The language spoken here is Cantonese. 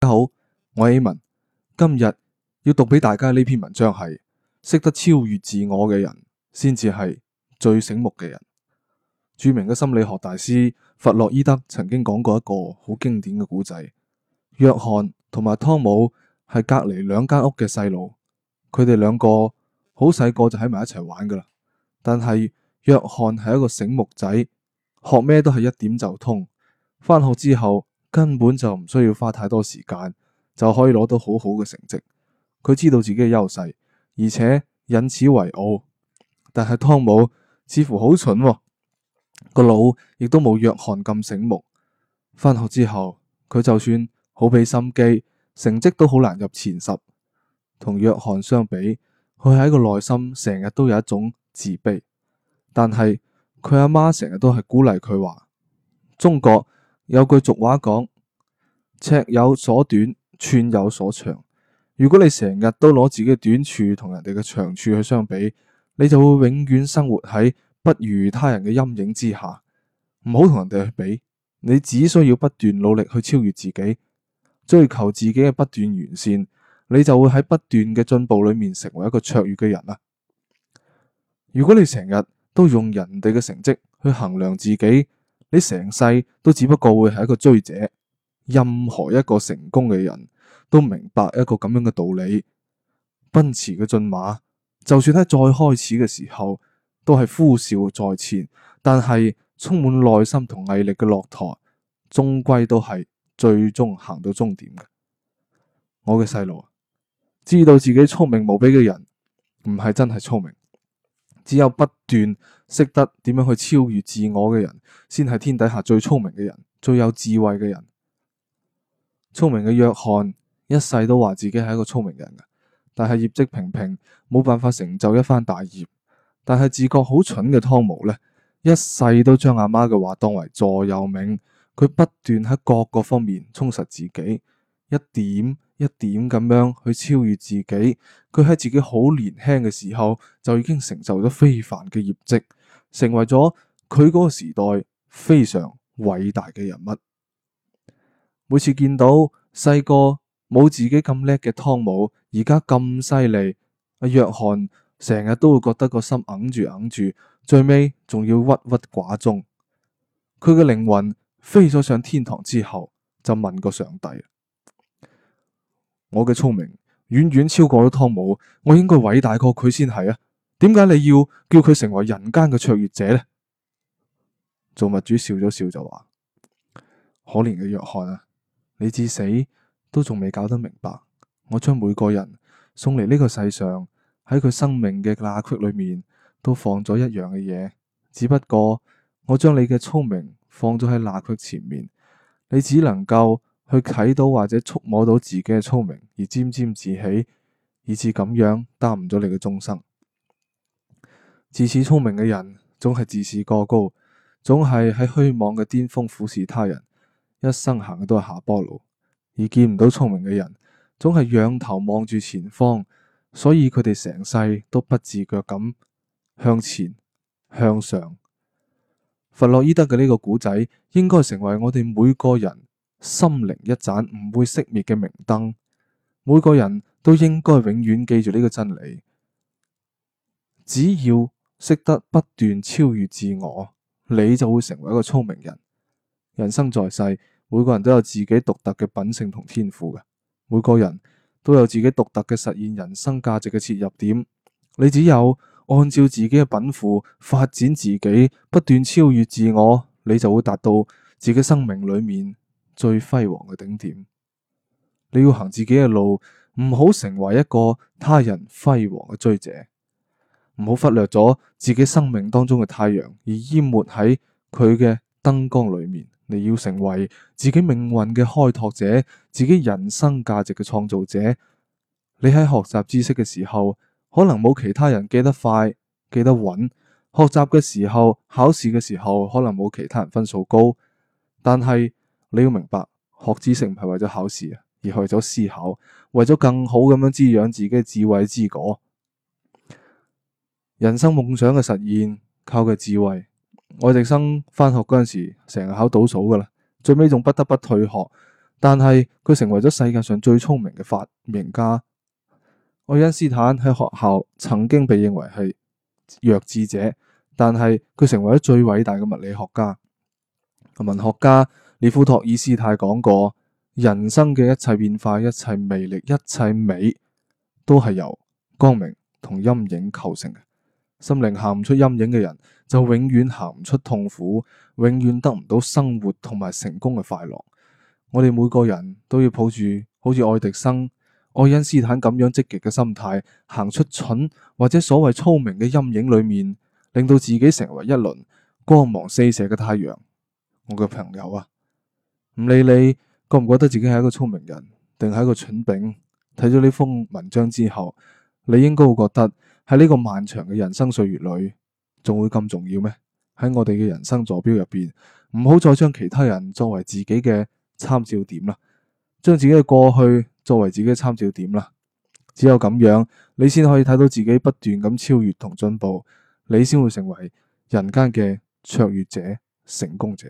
大家好，我係啟文。今日要讀俾大家呢篇文章係，識得超越自我嘅人，先至係最醒目嘅人。著名嘅心理學大師弗洛伊德曾經講過一個好經典嘅故仔。約翰同埋湯姆係隔籬兩間屋嘅細路，佢哋兩個好細個就喺埋一齊玩噶啦。但係約翰係一個醒目仔，學咩都係一點就通。翻學之後。根本就唔需要花太多時間，就可以攞到好好嘅成績。佢知道自己嘅優勢，而且引此為傲。但係湯姆似乎好蠢喎，個腦亦都冇約翰咁醒目。返學之後，佢就算好俾心機，成績都好難入前十。同約翰相比，佢喺一個內心成日都有一種自卑。但係佢阿媽成日都係鼓勵佢話：中國有句俗話講：尺有所短，寸有所長。如果你成日都攞自己嘅短處同人哋嘅長處去相比，你就會永遠生活喺不如他人嘅陰影之下。唔好同人哋去比，你只需要不斷努力去超越自己，追求自己嘅不斷完善，你就會喺不斷嘅進步裏面成為一個卓越嘅人啦。如果你成日都用人哋嘅成績去衡量自己，你成世都只不過會係一個追者。任何一個成功嘅人都明白一個咁樣嘅道理。奔馳嘅駿馬，就算喺再開始嘅時候都係呼嘯在前，但係充滿耐心同毅力嘅駱駝，終歸都係最終行到終點嘅。我嘅細路啊，知道自己聰明無比嘅人，唔係真係聰明。只有不斷識得點樣去超越自我嘅人，先係天底下最聰明嘅人，最有智慧嘅人。聰明嘅約翰一世都話自己係一個聰明人，但係業績平平，冇辦法成就一番大業。但係自覺好蠢嘅湯姆咧，一世都將阿媽嘅話當為座右銘，佢不斷喺各個方面充實自己一點，一點咁樣去超越自己，佢喺自己好年輕嘅時候就已經承受咗非凡嘅業績，成為咗佢嗰個時代非常偉大嘅人物。每次見到細個冇自己咁叻嘅湯姆，而家咁犀利，阿約翰成日都會覺得個心揞住揞住，最尾仲要鬱鬱寡眾。佢嘅靈魂飛咗上天堂之後，就問過上帝。我嘅聰明遠遠超過咗湯姆，我應該偉大過佢先係啊？點解你要叫佢成為人間嘅卓越者呢？造物主笑咗笑就話：可憐嘅約翰啊，你至死都仲未搞得明白，我將每個人送嚟呢個世上，喺佢生命嘅罅隙裏面都放咗一樣嘅嘢，只不過我將你嘅聰明放咗喺罅隙前面，你只能夠。去啟到或者觸摸到自己嘅聰明，而沾沾自喜，以致咁樣耽誤咗你嘅終生。自恃聰明嘅人，總係自視過高，總係喺虛妄嘅巔峰俯視他人，一生行嘅都係下坡路，而見唔到聰明嘅人，總係仰頭望住前方，所以佢哋成世都不自覺咁向前向上。弗洛伊德嘅呢個古仔，應該成為我哋每個人。心靈一盞唔會熄滅嘅明燈，每個人都應該永遠記住呢個真理。只要識得不斷超越自我，你就會成為一個聰明人。人生在世，每個人都有自己獨特嘅品性同天賦嘅，每個人都有自己獨特嘅實現人生價值嘅切入點。你只有按照自己嘅稟賦發展自己，不斷超越自我，你就會達到自己生命裏面，最輝煌嘅頂點，你要行自己嘅路，唔好成為一個他人輝煌嘅追者，唔好忽略咗自己生命當中嘅太陽而淹沒喺佢嘅燈光裏面。你要成為自己命運嘅開拓者，自己人生價值嘅創造者。你喺學習知識嘅時候，可能冇其他人記得快、記得穩；學習嘅時候、考試嘅時候，可能冇其他人分數高，但係，你要明白，學知識唔係為咗考試，而係為咗思考，為咗更好咁樣滋養自己嘅智慧之果。人生夢想嘅實現靠嘅智慧。愛迪生翻學嗰陣時，成日考倒數噶啦，最尾仲不得不退學，但係佢成為咗世界上最聰明嘅發明家。愛因斯坦喺學校曾經被認為係弱智者，但係佢成為咗最偉大嘅物理學家、文學家。列夫托爾斯泰講過：人生嘅一切變化、一切魅力、一切美，都係由光明同陰影構成嘅。心靈行唔出陰影嘅人，就永遠行唔出痛苦，永遠得唔到生活同埋成功嘅快樂。我哋每個人都要抱住好似愛迪生、愛因斯坦咁樣積極嘅心態，行出蠢或者所謂聰明嘅陰影裏面，令到自己成為一輪光芒四射嘅太陽。我嘅朋友啊！唔理你覺唔覺得自己係一個聰明人，定係一個蠢丙，睇咗呢封文章之後，你應該會覺得喺呢個漫長嘅人生歲月裏，仲會咁重要咩？喺我哋嘅人生坐標入邊，唔好再將其他人作為自己嘅參照點啦，將自己嘅過去作為自己嘅參照點啦。只有咁樣，你先可以睇到自己不斷咁超越同進步，你先會成為人間嘅卓越者、成功者。